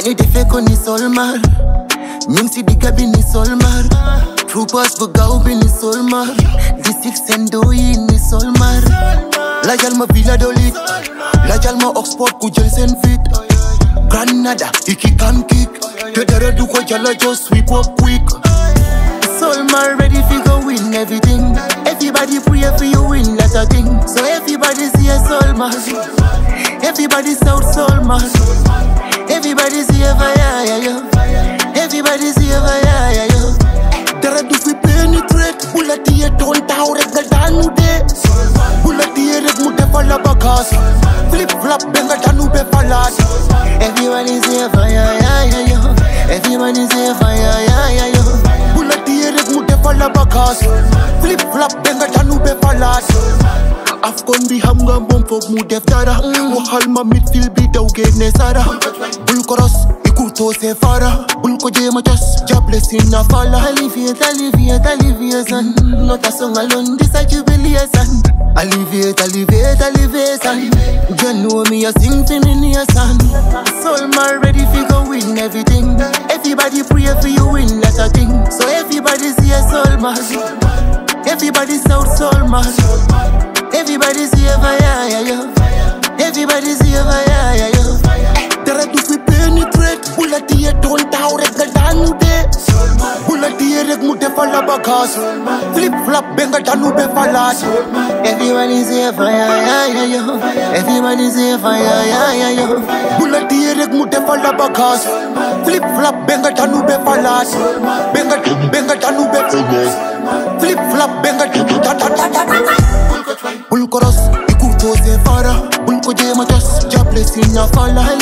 Ani defeko ni solmar Mim si di gabi ni solmar True boss go gaubi ni solmar Di six endoi ni solmar La jal ma villa dolit La jal ma oxford ku jel sen fit Granada, iki can kick Tedere du ko jala just sweep up quick Solmar ready fi go win everything Everybody pray for you all mass. Everybody's out soul mass. Everybody's here for yeah, yeah, yo. Everybody's here for yeah, yeah, yo. Dara are two we penetrate. Pull at the don't tower at the danu day. Pull at the red mutefala bagas. Flip flop benga danu be falas. Everybody's here for yeah, yeah, yeah, yeah. Everybody's here for yeah, yeah, yeah, yeah. Pull at the red mutefala bagas. Flip flop benga danu be falas. Kon bi xam nga moom foog mu def dara waxal mm. ma midfield bi daw génne sara bul ko ros ikuto se fara bul ko jéema cos jàppale si na fala alleviate, Olivier Olivier san mm. nota songa loon di sa jubilee san alleviate, Olivier Olivier san Januo mi a sing singing in your son Soul man ready fi go win everything Everybody pray for you win that a thing So everybody see a soul man Everybody sound soul man sauce. Flip flop bigger than be for loss. Everyone is here fire, yeah, yeah, yeah. Everyone is here fire, yeah, yeah, yeah. Bullet diyerek mu defal la bagas. Flip flop bigger than be for loss. Bigger, bigger be. Uber Flip flop bigger than ta ta ta ta ta. Bulko cross, ikut chose vara. Bulko jema just, jobless in your